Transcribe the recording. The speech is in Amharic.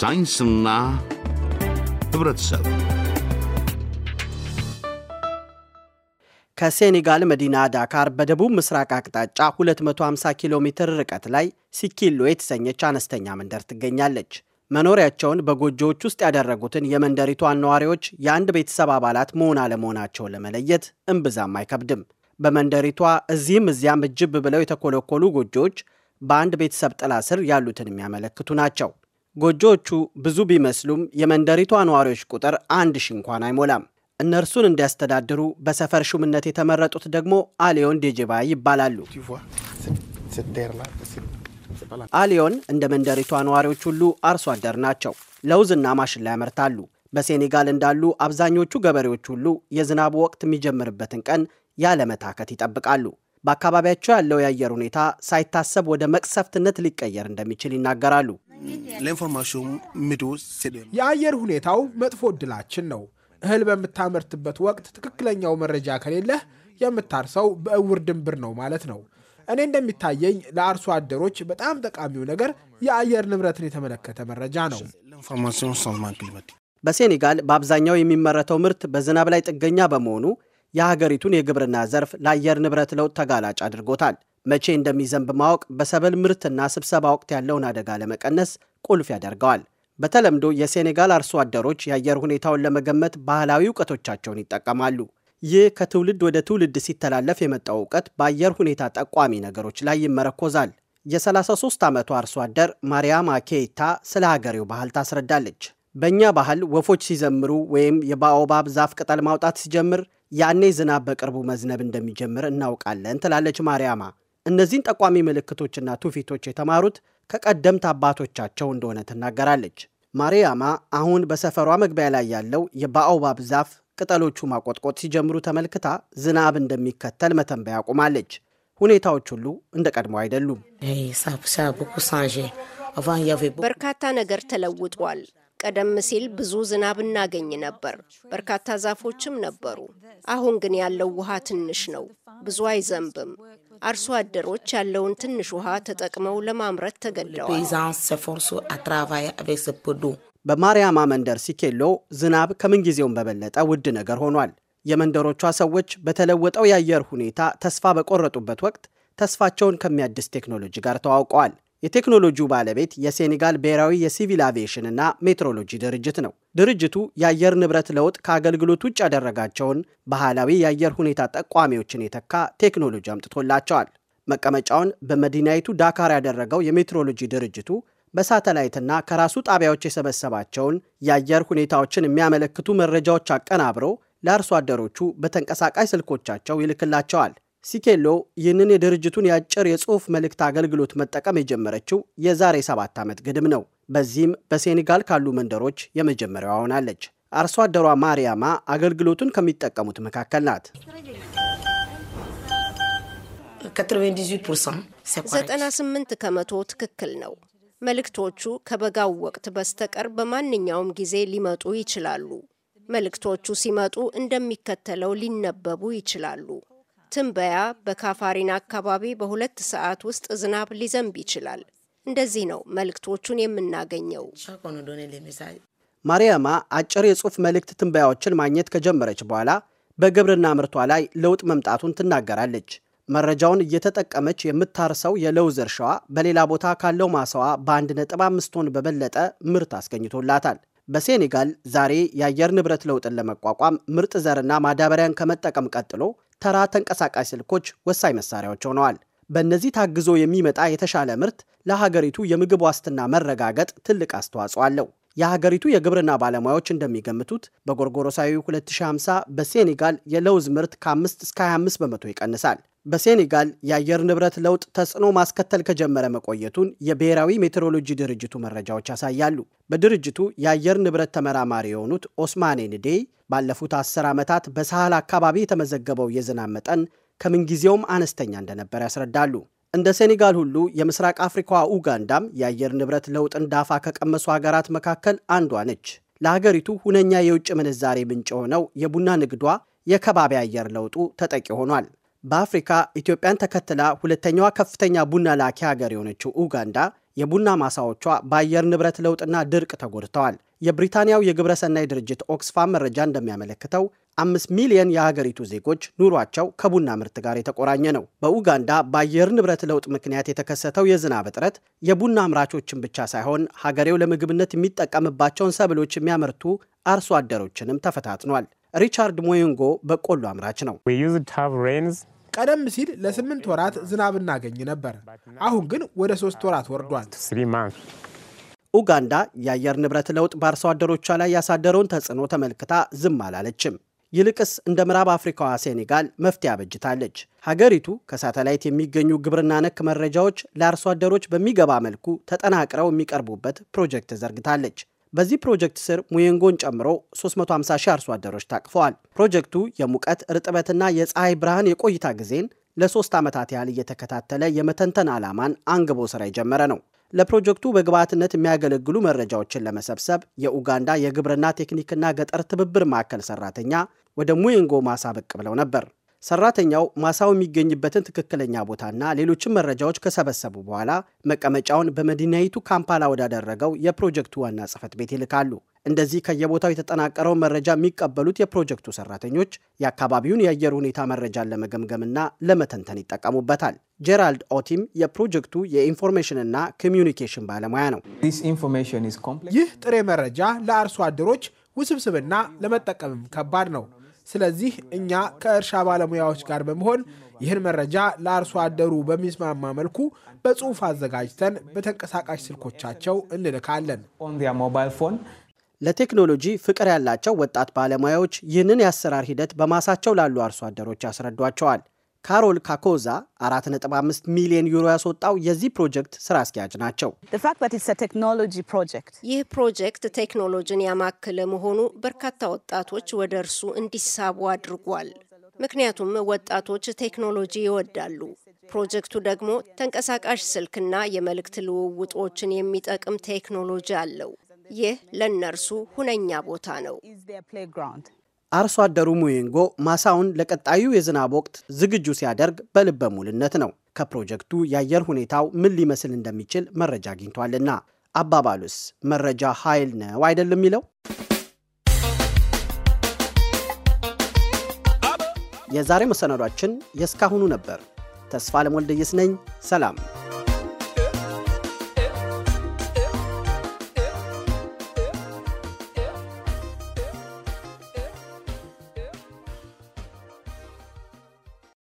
ሳይንስና ህብረተሰብ ከሴኔጋል መዲና ዳካር በደቡብ ምስራቅ አቅጣጫ 250 ኪሎ ሜትር ርቀት ላይ ሲኪሎ የተሰኘች አነስተኛ መንደር ትገኛለች። መኖሪያቸውን በጎጆዎች ውስጥ ያደረጉትን የመንደሪቷን ነዋሪዎች የአንድ ቤተሰብ አባላት መሆን አለመሆናቸውን ለመለየት እምብዛም አይከብድም። በመንደሪቷ እዚህም እዚያም እጅብ ብለው የተኮለኮሉ ጎጆዎች በአንድ ቤተሰብ ጥላ ስር ያሉትን የሚያመለክቱ ናቸው። ጎጆዎቹ ብዙ ቢመስሉም የመንደሪቷ ነዋሪዎች ቁጥር አንድ ሺ እንኳን አይሞላም። እነርሱን እንዲያስተዳድሩ በሰፈር ሹምነት የተመረጡት ደግሞ አሊዮን ዴጄባ ይባላሉ። አሊዮን እንደ መንደሪቷ ነዋሪዎች ሁሉ አርሶ አደር ናቸው። ለውዝና ማሽላ ያመርታሉ። በሴኔጋል እንዳሉ አብዛኞቹ ገበሬዎች ሁሉ የዝናቡ ወቅት የሚጀምርበትን ቀን ያለመታከት ይጠብቃሉ። በአካባቢያቸው ያለው የአየር ሁኔታ ሳይታሰብ ወደ መቅሰፍትነት ሊቀየር እንደሚችል ይናገራሉ። የአየር ሁኔታው መጥፎ እድላችን ነው። እህል በምታመርትበት ወቅት ትክክለኛው መረጃ ከሌለህ የምታርሰው በእውር ድንብር ነው ማለት ነው። እኔ እንደሚታየኝ ለአርሶ አደሮች በጣም ጠቃሚው ነገር የአየር ንብረትን የተመለከተ መረጃ ነው። በሴኔጋል በአብዛኛው የሚመረተው ምርት በዝናብ ላይ ጥገኛ በመሆኑ የሀገሪቱን የግብርና ዘርፍ ለአየር ንብረት ለውጥ ተጋላጭ አድርጎታል። መቼ እንደሚዘንብ ማወቅ በሰብል ምርትና ስብሰባ ወቅት ያለውን አደጋ ለመቀነስ ቁልፍ ያደርገዋል። በተለምዶ የሴኔጋል አርሶ አደሮች የአየር ሁኔታውን ለመገመት ባህላዊ እውቀቶቻቸውን ይጠቀማሉ። ይህ ከትውልድ ወደ ትውልድ ሲተላለፍ የመጣው እውቀት በአየር ሁኔታ ጠቋሚ ነገሮች ላይ ይመረኮዛል። የ33 ዓመቱ አርሶ አደር ማርያማ ኬይታ ስለ ሀገሬው ባህል ታስረዳለች። በእኛ ባህል ወፎች ሲዘምሩ ወይም የባኦባብ ዛፍ ቅጠል ማውጣት ሲጀምር ያኔ ዝናብ በቅርቡ መዝነብ እንደሚጀምር እናውቃለን ትላለች ማርያማ። እነዚህን ጠቋሚ ምልክቶችና ትውፊቶች የተማሩት ከቀደምት አባቶቻቸው እንደሆነ ትናገራለች። ማርያማ አሁን በሰፈሯ መግቢያ ላይ ያለው የባኦባብ ዛፍ ቅጠሎቹ ማቆጥቆጥ ሲጀምሩ ተመልክታ ዝናብ እንደሚከተል መተንበያ አቁማለች። ሁኔታዎች ሁሉ እንደ ቀድሞ አይደሉም። eh, በርካታ ነገር ተለውጧል። ቀደም ሲል ብዙ ዝናብ እናገኝ ነበር። በርካታ ዛፎችም ነበሩ። አሁን ግን ያለው ውሃ ትንሽ ነው፣ ብዙ አይዘንብም። አርሶ አደሮች ያለውን ትንሽ ውሃ ተጠቅመው ለማምረት ተገደዋል። በማርያማ መንደር ሲኬሎ ዝናብ ከምንጊዜውም በበለጠ ውድ ነገር ሆኗል። የመንደሮቿ ሰዎች በተለወጠው የአየር ሁኔታ ተስፋ በቆረጡበት ወቅት ተስፋቸውን ከሚያድስ ቴክኖሎጂ ጋር ተዋውቀዋል። የቴክኖሎጂው ባለቤት የሴኔጋል ብሔራዊ የሲቪል አቪዬሽን እና ሜትሮሎጂ ድርጅት ነው። ድርጅቱ የአየር ንብረት ለውጥ ከአገልግሎት ውጭ ያደረጋቸውን ባህላዊ የአየር ሁኔታ ጠቋሚዎችን የተካ ቴክኖሎጂ አምጥቶላቸዋል። መቀመጫውን በመዲናይቱ ዳካር ያደረገው የሜትሮሎጂ ድርጅቱ በሳተላይትና ከራሱ ጣቢያዎች የሰበሰባቸውን የአየር ሁኔታዎችን የሚያመለክቱ መረጃዎች አቀናብሮ ለአርሶ አደሮቹ በተንቀሳቃሽ ስልኮቻቸው ይልክላቸዋል። ሲኬሎ ይህንን የድርጅቱን የአጭር የጽሑፍ መልእክት አገልግሎት መጠቀም የጀመረችው የዛሬ ሰባት ዓመት ግድም ነው። በዚህም በሴኔጋል ካሉ መንደሮች የመጀመሪያዋ ሆናለች። አርሶ አደሯ ማርያማ አገልግሎቱን ከሚጠቀሙት መካከል ናት። 98 ከመቶ ትክክል ነው። መልእክቶቹ ከበጋው ወቅት በስተቀር በማንኛውም ጊዜ ሊመጡ ይችላሉ። መልእክቶቹ ሲመጡ እንደሚከተለው ሊነበቡ ይችላሉ። ትንበያ በካፋሪን አካባቢ በሁለት ሰዓት ውስጥ ዝናብ ሊዘንብ ይችላል። እንደዚህ ነው መልእክቶቹን የምናገኘው። ማርያማ አጭር የጽሑፍ መልእክት ትንበያዎችን ማግኘት ከጀመረች በኋላ በግብርና ምርቷ ላይ ለውጥ መምጣቱን ትናገራለች። መረጃውን እየተጠቀመች የምታርሰው የለውዝ እርሻዋ በሌላ ቦታ ካለው ማሳዋ ነጥብ 15 ቶን በበለጠ ምርት አስገኝቶላታል። በሴኔጋል ዛሬ የአየር ንብረት ለውጥን ለመቋቋም ምርጥ ዘርና ማዳበሪያን ከመጠቀም ቀጥሎ ተራ ተንቀሳቃሽ ስልኮች ወሳኝ መሳሪያዎች ሆነዋል። በእነዚህ ታግዞ የሚመጣ የተሻለ ምርት ለሀገሪቱ የምግብ ዋስትና መረጋገጥ ትልቅ አስተዋጽኦ አለው። የሀገሪቱ የግብርና ባለሙያዎች እንደሚገምቱት በጎርጎሮሳዊ 2050 በሴኔጋል የለውዝ ምርት ከ5 እስከ 25 በመቶ ይቀንሳል። በሴኔጋል የአየር ንብረት ለውጥ ተጽዕኖ ማስከተል ከጀመረ መቆየቱን የብሔራዊ ሜትሮሎጂ ድርጅቱ መረጃዎች ያሳያሉ። በድርጅቱ የአየር ንብረት ተመራማሪ የሆኑት ኦስማኔ ንዴ ባለፉት አስር ዓመታት በሳህል አካባቢ የተመዘገበው የዝናብ መጠን ከምንጊዜውም አነስተኛ እንደነበር ያስረዳሉ። እንደ ሴኔጋል ሁሉ የምስራቅ አፍሪካዋ ኡጋንዳም የአየር ንብረት ለውጥን ዳፋ ከቀመሱ ሀገራት መካከል አንዷ ነች። ለሀገሪቱ ሁነኛ የውጭ ምንዛሬ ምንጭ የሆነው የቡና ንግዷ የከባቢ አየር ለውጡ ተጠቂ ሆኗል። በአፍሪካ ኢትዮጵያን ተከትላ ሁለተኛዋ ከፍተኛ ቡና ላኪ ሀገር የሆነችው ኡጋንዳ የቡና ማሳዎቿ በአየር ንብረት ለውጥና ድርቅ ተጎድተዋል። የብሪታንያው የግብረሰናይ ድርጅት ኦክስፋም መረጃ እንደሚያመለክተው አምስት ሚሊየን የሀገሪቱ ዜጎች ኑሯቸው ከቡና ምርት ጋር የተቆራኘ ነው። በኡጋንዳ በአየር ንብረት ለውጥ ምክንያት የተከሰተው የዝናብ እጥረት የቡና አምራቾችን ብቻ ሳይሆን ሀገሬው ለምግብነት የሚጠቀምባቸውን ሰብሎች የሚያመርቱ አርሶ አደሮችንም ተፈታትኗል። ሪቻርድ ሞዮንጎ በቆሎ አምራች ነው። ቀደም ሲል ለስምንት ወራት ዝናብ እናገኝ ነበር። አሁን ግን ወደ ሶስት ወራት ወርዷል። ኡጋንዳ የአየር ንብረት ለውጥ በአርሶ አደሮቿ ላይ ያሳደረውን ተጽዕኖ ተመልክታ ዝም አላለችም። ይልቅስ እንደ ምዕራብ አፍሪካዋ ሴኔጋል መፍትሄ አበጅታለች። ሀገሪቱ ከሳተላይት የሚገኙ ግብርና ነክ መረጃዎች ለአርሶ አደሮች በሚገባ መልኩ ተጠናቅረው የሚቀርቡበት ፕሮጀክት ዘርግታለች። በዚህ ፕሮጀክት ስር ሙየንጎን ጨምሮ 350 ሺህ አርሶ አደሮች ታቅፈዋል። ፕሮጀክቱ የሙቀት እርጥበትና የፀሐይ ብርሃን የቆይታ ጊዜን ለሶስት ዓመታት ያህል እየተከታተለ የመተንተን ዓላማን አንግቦ ስራ የጀመረ ነው። ለፕሮጀክቱ በግብዓትነት የሚያገለግሉ መረጃዎችን ለመሰብሰብ የኡጋንዳ የግብርና ቴክኒክና ገጠር ትብብር ማዕከል ሰራተኛ ወደ ሙየንጎ ማሳ ብቅ ብለው ነበር። ሰራተኛው ማሳው የሚገኝበትን ትክክለኛ ቦታና ሌሎችም መረጃዎች ከሰበሰቡ በኋላ መቀመጫውን በመዲናይቱ ካምፓላ ወዳደረገው የፕሮጀክቱ ዋና ጽህፈት ቤት ይልካሉ። እንደዚህ ከየቦታው የተጠናቀረውን መረጃ የሚቀበሉት የፕሮጀክቱ ሰራተኞች የአካባቢውን የአየር ሁኔታ መረጃን ለመገምገምና ለመተንተን ይጠቀሙበታል። ጄራልድ ኦቲም የፕሮጀክቱ የኢንፎርሜሽንና ኮሚዩኒኬሽን ባለሙያ ነው። ይህ ጥሬ መረጃ ለአርሶ አደሮች ውስብስብና ለመጠቀምም ከባድ ነው። ስለዚህ እኛ ከእርሻ ባለሙያዎች ጋር በመሆን ይህን መረጃ ለአርሶ አደሩ በሚስማማ መልኩ በጽሑፍ አዘጋጅተን በተንቀሳቃሽ ስልኮቻቸው እንልካለን። ለቴክኖሎጂ ፍቅር ያላቸው ወጣት ባለሙያዎች ይህንን የአሰራር ሂደት በማሳቸው ላሉ አርሶ አደሮች ያስረዷቸዋል። ካሮል ካኮዛ 4.5 ሚሊዮን ዩሮ ያስወጣው የዚህ ፕሮጀክት ስራ አስኪያጅ ናቸው። ይህ ፕሮጀክት ቴክኖሎጂን ያማከለ መሆኑ በርካታ ወጣቶች ወደ እርሱ እንዲሳቡ አድርጓል። ምክንያቱም ወጣቶች ቴክኖሎጂ ይወዳሉ። ፕሮጀክቱ ደግሞ ተንቀሳቃሽ ስልክና የመልእክት ልውውጦችን የሚጠቅም ቴክኖሎጂ አለው። ይህ ለእነርሱ ሁነኛ ቦታ ነው። አርሶ አደሩ ሙዌንጎ ማሳውን ለቀጣዩ የዝናብ ወቅት ዝግጁ ሲያደርግ በልበ ሙልነት ነው። ከፕሮጀክቱ የአየር ሁኔታው ምን ሊመስል እንደሚችል መረጃ አግኝቷልና። አባባሉስ መረጃ ኃይል ነው አይደለም የሚለው የዛሬ መሰናዷችን የእስካሁኑ ነበር። ተስፋ ለሞልደየስ ነኝ። ሰላም።